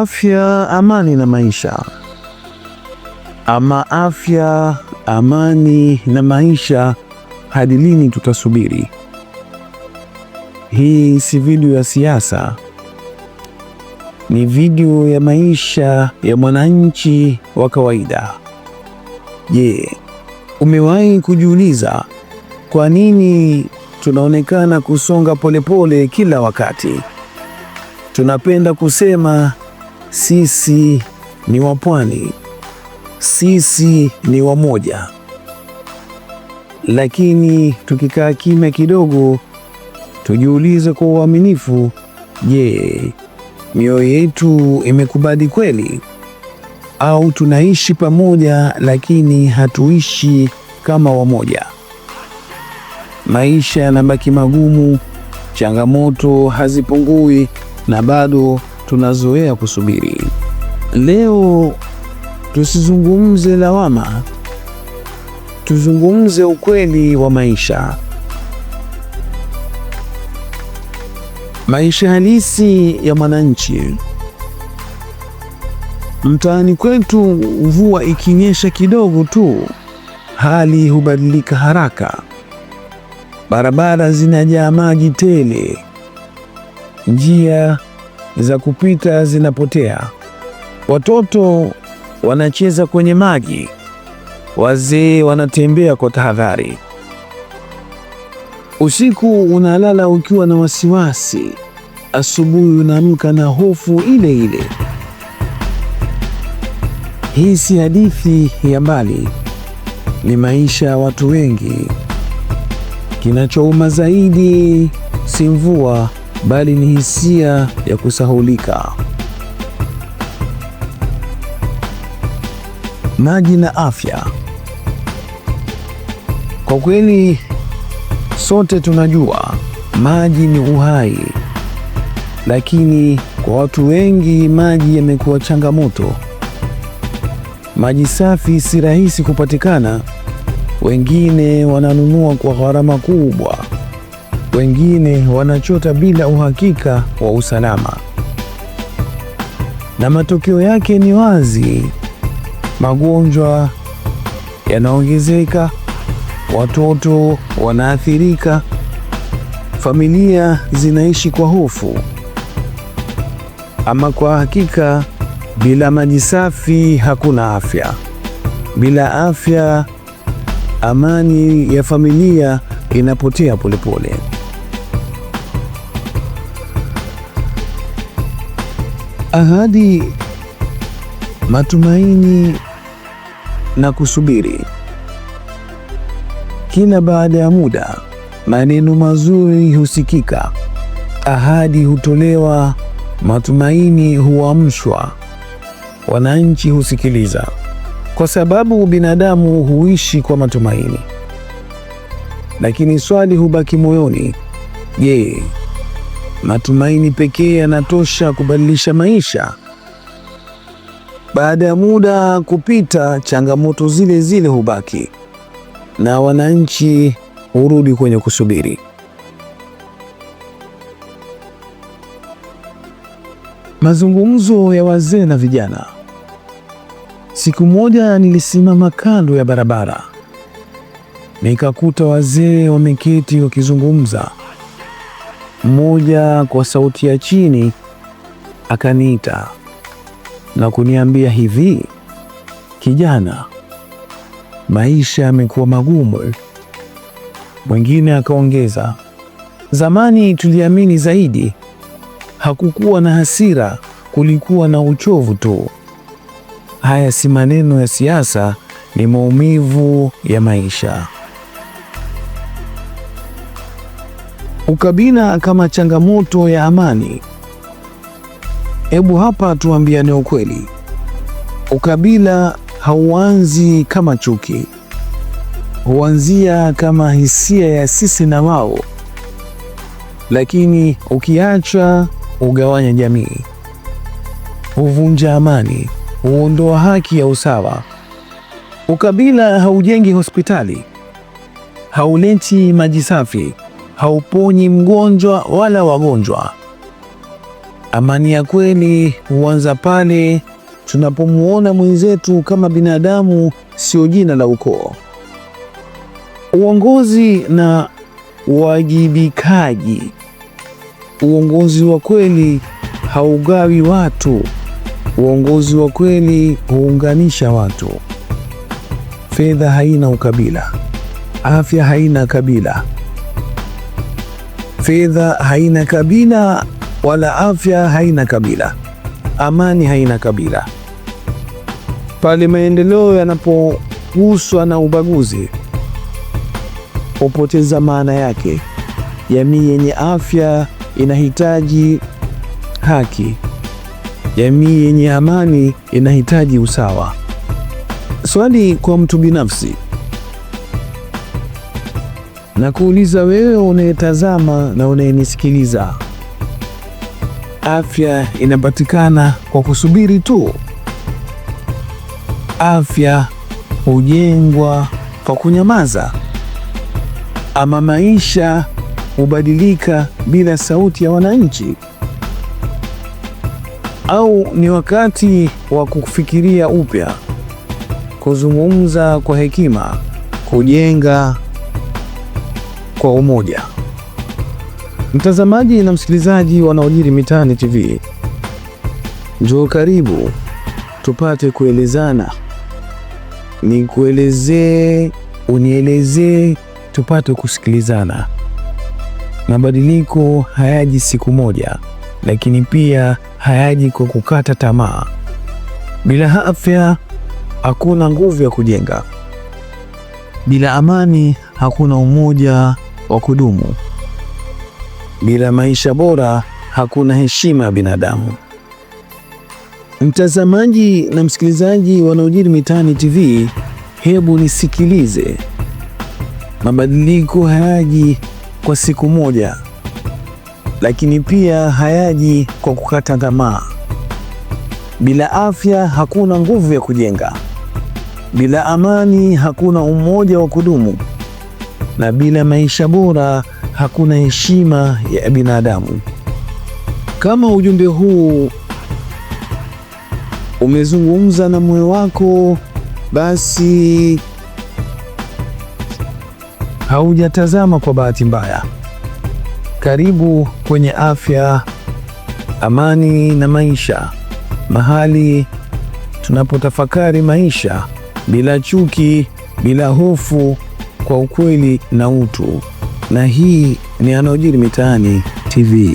afya, amani na maisha. Ama afya, amani na maisha, hadi lini tutasubiri? Hii si video ya siasa, ni video ya maisha ya mwananchi wa kawaida. Je, umewahi kujiuliza kwa nini tunaonekana kusonga polepole pole kila wakati? Tunapenda kusema sisi ni wa pwani, sisi ni wamoja. Lakini tukikaa kimya kidogo, tujiulize kwa uaminifu, je, mioyo yetu imekubali kweli? Au tunaishi pamoja lakini hatuishi kama wamoja? Maisha yanabaki magumu, changamoto hazipungui, na bado tunazoea kusubiri. Leo tusizungumze lawama, tuzungumze ukweli wa maisha. Maisha halisi ya mwananchi. Mtaani kwetu, mvua ikinyesha kidogo tu, hali hubadilika haraka. Barabara zinajaa maji tele, njia za kupita zinapotea, watoto wanacheza kwenye maji, wazee wanatembea kwa tahadhari. Usiku unalala ukiwa na wasiwasi, asubuhi unaamka na hofu ile ile. Hii si hadithi ya mbali, ni maisha ya watu wengi. Kinachouma zaidi si mvua bali ni hisia ya kusahulika. Maji na afya. Kwa kweli sote tunajua maji ni uhai, lakini kwa watu wengi maji yamekuwa changamoto. Maji safi si rahisi kupatikana, wengine wananunua kwa gharama kubwa wengine wanachota bila uhakika wa usalama, na matokeo yake ni wazi: magonjwa yanaongezeka, watoto wanaathirika, familia zinaishi kwa hofu. Ama kwa hakika, bila maji safi hakuna afya. Bila afya, amani ya familia inapotea polepole. ahadi, matumaini na kusubiri. Kila baada ya muda, maneno mazuri husikika, ahadi hutolewa, matumaini huamshwa, wananchi husikiliza, kwa sababu binadamu huishi kwa matumaini. Lakini swali hubaki moyoni: je, Matumaini pekee yanatosha kubadilisha maisha. Baada ya muda kupita, changamoto zile zile hubaki na wananchi hurudi kwenye kusubiri. Mazungumzo ya wazee na vijana. Siku moja nilisimama kando ya barabara, nikakuta wazee wameketi wakizungumza mmoja kwa sauti ya chini akaniita na kuniambia hivi, kijana, maisha yamekuwa magumu. Mwingine akaongeza, zamani tuliamini zaidi, hakukuwa na hasira, kulikuwa na uchovu tu. Haya si maneno ya siasa, ni maumivu ya maisha. ukabila kama changamoto ya amani. Hebu hapa tuambiane ukweli, ukabila hauanzi kama chuki, huanzia kama hisia ya sisi na wao, lakini ukiacha ugawanya jamii, huvunja amani, huondoa haki ya usawa. Ukabila haujengi hospitali, hauleti maji safi hauponyi mgonjwa wala wagonjwa. Amani ya kweli huanza pale tunapomwona mwenzetu kama binadamu, sio jina la ukoo. Uongozi na uwajibikaji. Uongozi wa kweli haugawi watu. Uongozi wa kweli huunganisha watu. Fedha haina ukabila, afya haina kabila. Fedha haina kabila, wala afya haina kabila, amani haina kabila. Pale maendeleo yanapoguswa na ubaguzi, hupoteza maana yake. Jamii yenye afya inahitaji haki, jamii yenye amani inahitaji usawa. Swali kwa mtu binafsi na kuuliza wewe unayetazama na unayenisikiliza, afya inapatikana kwa kusubiri tu? Afya hujengwa kwa kunyamaza? Ama maisha hubadilika bila sauti ya wananchi? Au ni wakati wa kufikiria upya, kuzungumza kwa hekima, kujenga kwa umoja. Mtazamaji na msikilizaji wanaojiri mitaani TV, njoo karibu tupate kuelezana, nikuelezee, unielezee, tupate kusikilizana. Mabadiliko hayaji siku moja, lakini pia hayaji kwa kukata tamaa. Bila afya hakuna nguvu ya kujenga, bila amani hakuna umoja wa kudumu. Bila maisha bora hakuna heshima ya binadamu. Mtazamaji na msikilizaji wanaojiri mitaani TV, hebu nisikilize. Mabadiliko hayaji kwa siku moja, lakini pia hayaji kwa kukata tamaa. Bila afya hakuna nguvu ya kujenga. Bila amani hakuna umoja wa kudumu na bila maisha bora hakuna heshima ya binadamu. Kama ujumbe huu umezungumza na moyo wako, basi haujatazama kwa bahati mbaya. Karibu kwenye afya, amani na maisha, mahali tunapotafakari maisha bila chuki, bila hofu kwa ukweli na utu, na hii ni yanayojiri mitaani TV.